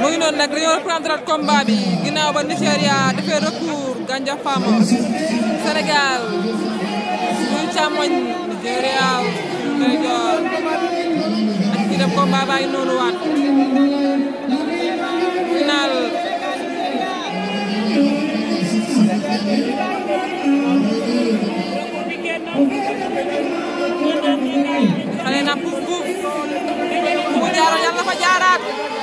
mu ngi noonu nag dañoo reprendre bi ginnaaw ba Nigéria defee recours Ganja Fama Sénégal muy càmmoñ Nigéria ndeyjoor ak ki def combat baa noonu waat final xale na puuf puuf mu jaaroon yàlla na fa jaaraat